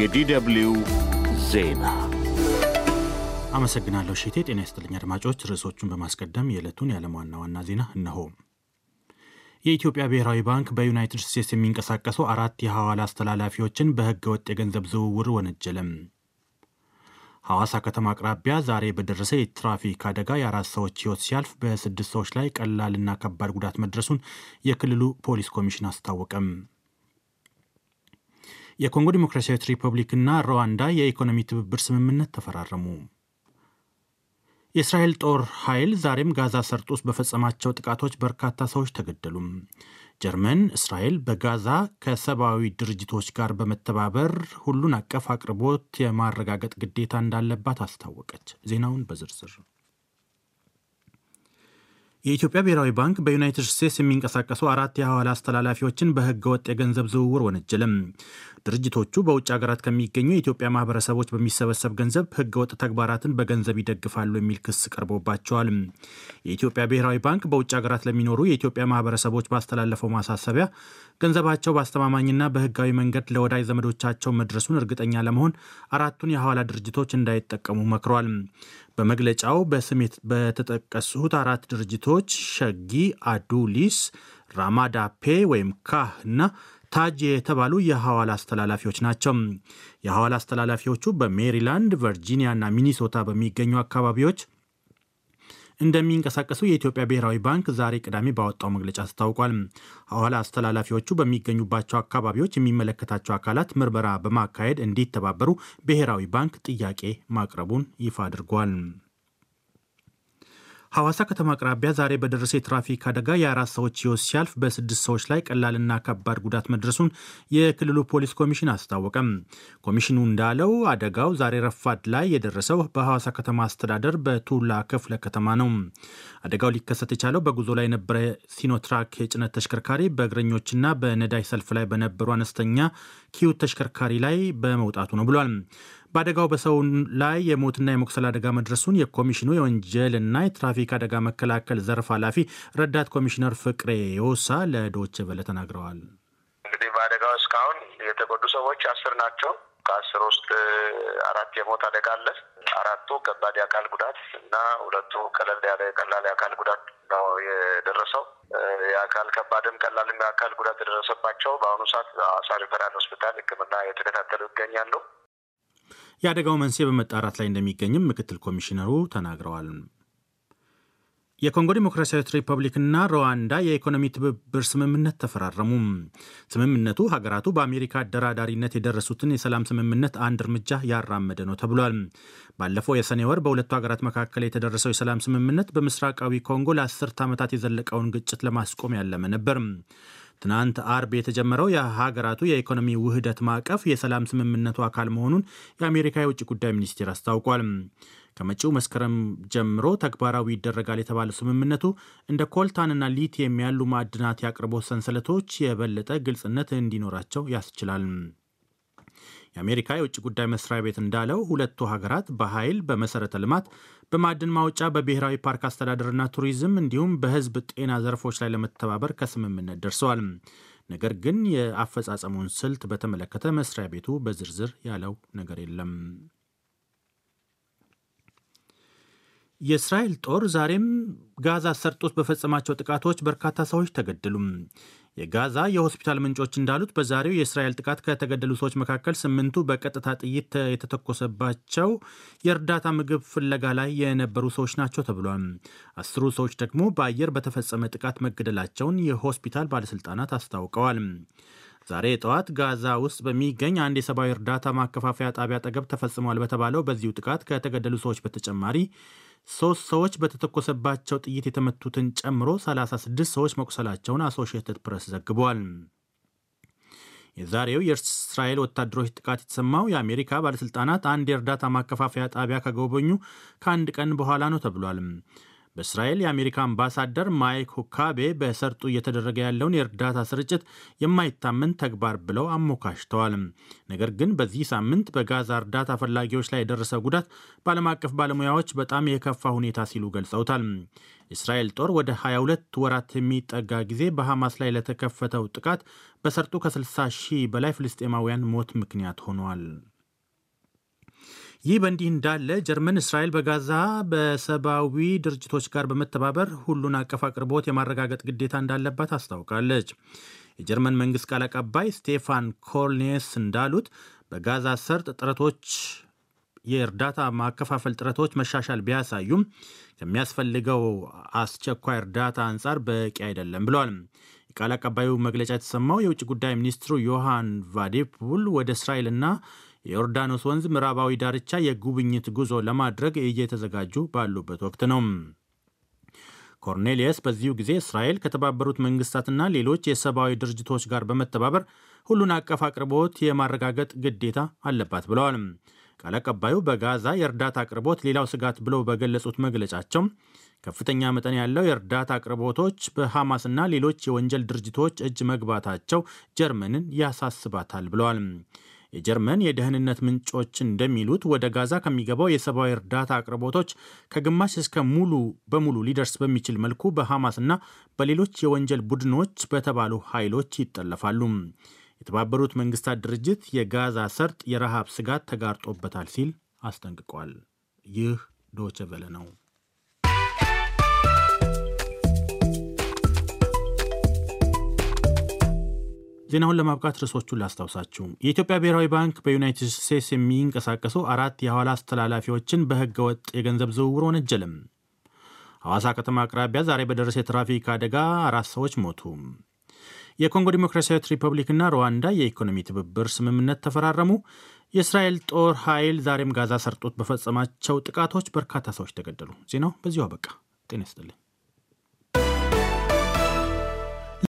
የዲደብሊው ዜና አመሰግናለሁ ሼቴ። ጤና ይስጥልኝ አድማጮች። ርዕሶቹን በማስቀደም የዕለቱን የዓለም ዋና ዋና ዜና እነሆ። የኢትዮጵያ ብሔራዊ ባንክ በዩናይትድ ስቴትስ የሚንቀሳቀሱ አራት የሐዋላ አስተላላፊዎችን በሕገ ወጥ የገንዘብ ዝውውር ወነጀለም። ሐዋሳ ከተማ አቅራቢያ ዛሬ በደረሰ የትራፊክ አደጋ የአራት ሰዎች ሕይወት ሲያልፍ በስድስት ሰዎች ላይ ቀላልና ከባድ ጉዳት መድረሱን የክልሉ ፖሊስ ኮሚሽን አስታወቀም። የኮንጎ ዲሞክራሲያዊት ሪፐብሊክና ሩዋንዳ የኢኮኖሚ ትብብር ስምምነት ተፈራረሙ። የእስራኤል ጦር ኃይል ዛሬም ጋዛ ሰርጥ ውስጥ በፈጸማቸው ጥቃቶች በርካታ ሰዎች ተገደሉም። ጀርመን እስራኤል በጋዛ ከሰብአዊ ድርጅቶች ጋር በመተባበር ሁሉን አቀፍ አቅርቦት የማረጋገጥ ግዴታ እንዳለባት አስታወቀች። ዜናውን በዝርዝር የኢትዮጵያ ብሔራዊ ባንክ በዩናይትድ ስቴትስ የሚንቀሳቀሱ አራት የሐዋላ አስተላላፊዎችን በሕገ ወጥ የገንዘብ ዝውውር ወነጀለም። ድርጅቶቹ በውጭ ሀገራት ከሚገኙ የኢትዮጵያ ማህበረሰቦች በሚሰበሰብ ገንዘብ ሕገ ወጥ ተግባራትን በገንዘብ ይደግፋሉ የሚል ክስ ቀርቦባቸዋል። የኢትዮጵያ ብሔራዊ ባንክ በውጭ ሀገራት ለሚኖሩ የኢትዮጵያ ማህበረሰቦች ባስተላለፈው ማሳሰቢያ ገንዘባቸው በአስተማማኝና በህጋዊ መንገድ ለወዳጅ ዘመዶቻቸው መድረሱን እርግጠኛ ለመሆን አራቱን የሐዋላ ድርጅቶች እንዳይጠቀሙ መክሯል። በመግለጫው በስሜት በተጠቀሱት አራት ድርጅቶች ሴቶች ሸጊ አዱሊስ፣ ራማዳፔ ወይም ካህና ታጅ የተባሉ የሐዋላ አስተላላፊዎች ናቸው። የሐዋላ አስተላላፊዎቹ በሜሪላንድ ቨርጂኒያ እና ሚኒሶታ በሚገኙ አካባቢዎች እንደሚንቀሳቀሱ የኢትዮጵያ ብሔራዊ ባንክ ዛሬ ቅዳሜ ባወጣው መግለጫ አስታውቋል። ሐዋላ አስተላላፊዎቹ በሚገኙባቸው አካባቢዎች የሚመለከታቸው አካላት ምርመራ በማካሄድ እንዲተባበሩ ብሔራዊ ባንክ ጥያቄ ማቅረቡን ይፋ አድርጓል። ሐዋሳ ከተማ አቅራቢያ ዛሬ በደረሰ የትራፊክ አደጋ የአራት ሰዎች ሕይወት ሲያልፍ በስድስት ሰዎች ላይ ቀላልና ከባድ ጉዳት መድረሱን የክልሉ ፖሊስ ኮሚሽን አስታወቀም። ኮሚሽኑ እንዳለው አደጋው ዛሬ ረፋድ ላይ የደረሰው በሐዋሳ ከተማ አስተዳደር በቱላ ክፍለ ከተማ ነው። አደጋው ሊከሰት የቻለው በጉዞ ላይ የነበረ ሲኖትራክ የጭነት ተሽከርካሪ በእግረኞችና በነዳጅ ሰልፍ ላይ በነበሩ አነስተኛ ኪዩት ተሽከርካሪ ላይ በመውጣቱ ነው ብሏል። በአደጋው በሰው ላይ የሞትና የመቁሰል አደጋ መድረሱን የኮሚሽኑ የወንጀልና የትራፊክ አደጋ መከላከል ዘርፍ ኃላፊ ረዳት ኮሚሽነር ፍቅሬ ዮሳ ለዶች በለ ተናግረዋል። እንግዲህ በአደጋው እስካሁን የተጎዱ ሰዎች አስር ናቸው። ከአስር ውስጥ አራት የሞት አደጋ አለ። አራቱ ከባድ የአካል ጉዳት እና ሁለቱ ቀለል ያለ ቀላል የአካል ጉዳት ነው የደረሰው። የአካል ከባድም ቀላልም የአካል ጉዳት የደረሰባቸው በአሁኑ ሰዓት ሐዋሳ ሪፈራል ሆስፒታል ሕክምና የተከታተሉ ይገኛሉ። የአደጋው መንስኤ በመጣራት ላይ እንደሚገኝም ምክትል ኮሚሽነሩ ተናግረዋል። የኮንጎ ዲሞክራሲያዊት ሪፐብሊክና ሩዋንዳ የኢኮኖሚ ትብብር ስምምነት ተፈራረሙ። ስምምነቱ ሀገራቱ በአሜሪካ አደራዳሪነት የደረሱትን የሰላም ስምምነት አንድ እርምጃ ያራመደ ነው ተብሏል። ባለፈው የሰኔ ወር በሁለቱ ሀገራት መካከል የተደረሰው የሰላም ስምምነት በምስራቃዊ ኮንጎ ለአስርት ዓመታት የዘለቀውን ግጭት ለማስቆም ያለመ ነበር። ትናንት አርብ የተጀመረው የሀገራቱ የኢኮኖሚ ውህደት ማዕቀፍ የሰላም ስምምነቱ አካል መሆኑን የአሜሪካ የውጭ ጉዳይ ሚኒስቴር አስታውቋል። ከመጪው መስከረም ጀምሮ ተግባራዊ ይደረጋል የተባለው ስምምነቱ እንደ ኮልታንና ሊቲየም ያሉ ማዕድናት የአቅርቦት ሰንሰለቶች የበለጠ ግልጽነት እንዲኖራቸው ያስችላል። የአሜሪካ የውጭ ጉዳይ መስሪያ ቤት እንዳለው ሁለቱ ሀገራት በኃይል፣ በመሰረተ ልማት፣ በማዕድን ማውጫ፣ በብሔራዊ ፓርክ አስተዳደርና ቱሪዝም እንዲሁም በህዝብ ጤና ዘርፎች ላይ ለመተባበር ከስምምነት ደርሰዋል። ነገር ግን የአፈጻጸሙን ስልት በተመለከተ መስሪያ ቤቱ በዝርዝር ያለው ነገር የለም። የእስራኤል ጦር ዛሬም ጋዛ ሰርጥ ውስጥ በፈጸማቸው ጥቃቶች በርካታ ሰዎች ተገደሉም። የጋዛ የሆስፒታል ምንጮች እንዳሉት በዛሬው የእስራኤል ጥቃት ከተገደሉ ሰዎች መካከል ስምንቱ በቀጥታ ጥይት የተተኮሰባቸው የእርዳታ ምግብ ፍለጋ ላይ የነበሩ ሰዎች ናቸው ተብሏል። አስሩ ሰዎች ደግሞ በአየር በተፈጸመ ጥቃት መገደላቸውን የሆስፒታል ባለስልጣናት አስታውቀዋል። ዛሬ ጠዋት ጋዛ ውስጥ በሚገኝ አንድ የሰብአዊ እርዳታ ማከፋፈያ ጣቢያ አጠገብ ተፈጽሟል በተባለው በዚሁ ጥቃት ከተገደሉ ሰዎች በተጨማሪ ሶስት ሰዎች በተተኮሰባቸው ጥይት የተመቱትን ጨምሮ 36 ሰዎች መቁሰላቸውን አሶሽየትድ ፕሬስ ዘግቧል። የዛሬው የእስራኤል ወታደሮች ጥቃት የተሰማው የአሜሪካ ባለሥልጣናት አንድ የእርዳታ ማከፋፈያ ጣቢያ ከጎበኙ ከአንድ ቀን በኋላ ነው ተብሏል። በእስራኤል የአሜሪካ አምባሳደር ማይክ ሁካቤ በሰርጡ እየተደረገ ያለውን የእርዳታ ስርጭት የማይታመን ተግባር ብለው አሞካሽተዋል። ነገር ግን በዚህ ሳምንት በጋዛ እርዳታ ፈላጊዎች ላይ የደረሰ ጉዳት በዓለም አቀፍ ባለሙያዎች በጣም የከፋ ሁኔታ ሲሉ ገልጸውታል። እስራኤል ጦር ወደ 22 ወራት የሚጠጋ ጊዜ በሐማስ ላይ ለተከፈተው ጥቃት በሰርጡ ከ60 ሺህ በላይ ፍልስጤማውያን ሞት ምክንያት ሆኗል። ይህ በእንዲህ እንዳለ ጀርመን እስራኤል በጋዛ በሰብአዊ ድርጅቶች ጋር በመተባበር ሁሉን አቀፍ አቅርቦት የማረጋገጥ ግዴታ እንዳለባት አስታውቃለች። የጀርመን መንግስት ቃል አቀባይ ስቴፋን ኮልኔስ እንዳሉት በጋዛ ሰርጥ ጥረቶች የእርዳታ ማከፋፈል ጥረቶች መሻሻል ቢያሳዩም ከሚያስፈልገው አስቸኳይ እርዳታ አንጻር በቂ አይደለም ብለዋል። የቃል አቀባዩ መግለጫ የተሰማው የውጭ ጉዳይ ሚኒስትሩ ዮሃን ቫዴፑል ወደ እስራኤልና የዮርዳኖስ ወንዝ ምዕራባዊ ዳርቻ የጉብኝት ጉዞ ለማድረግ እየተዘጋጁ ባሉበት ወቅት ነው። ኮርኔሊየስ በዚሁ ጊዜ እስራኤል ከተባበሩት መንግስታትና ሌሎች የሰብአዊ ድርጅቶች ጋር በመተባበር ሁሉን አቀፍ አቅርቦት የማረጋገጥ ግዴታ አለባት ብለዋል። ቃል አቀባዩ በጋዛ የእርዳታ አቅርቦት ሌላው ስጋት ብለው በገለጹት መግለጫቸው ከፍተኛ መጠን ያለው የእርዳታ አቅርቦቶች በሐማስና ሌሎች የወንጀል ድርጅቶች እጅ መግባታቸው ጀርመንን ያሳስባታል ብለዋል። የጀርመን የደህንነት ምንጮች እንደሚሉት ወደ ጋዛ ከሚገባው የሰብአዊ እርዳታ አቅርቦቶች ከግማሽ እስከ ሙሉ በሙሉ ሊደርስ በሚችል መልኩ በሐማስና በሌሎች የወንጀል ቡድኖች በተባሉ ኃይሎች ይጠለፋሉ። የተባበሩት መንግስታት ድርጅት የጋዛ ሰርጥ የረሃብ ስጋት ተጋርጦበታል ሲል አስጠንቅቋል። ይህ ዶቸ ቨለ ነው። ዜናውን ለማብቃት ርዕሶቹን ላስታውሳችሁ። የኢትዮጵያ ብሔራዊ ባንክ በዩናይትድ ስቴትስ የሚንቀሳቀሱ አራት የኋላ አስተላላፊዎችን በህገወጥ የገንዘብ ዝውውር ወነጀልም። ሐዋሳ ከተማ አቅራቢያ ዛሬ በደረሰ የትራፊክ አደጋ አራት ሰዎች ሞቱ። የኮንጎ ዲሞክራሲያዊት ሪፐብሊክና ሩዋንዳ የኢኮኖሚ ትብብር ስምምነት ተፈራረሙ። የእስራኤል ጦር ኃይል ዛሬም ጋዛ ሰርጦት በፈጸማቸው ጥቃቶች በርካታ ሰዎች ተገደሉ። ዜናው በዚሁ አበቃ። ጤና ይስጥልኝ።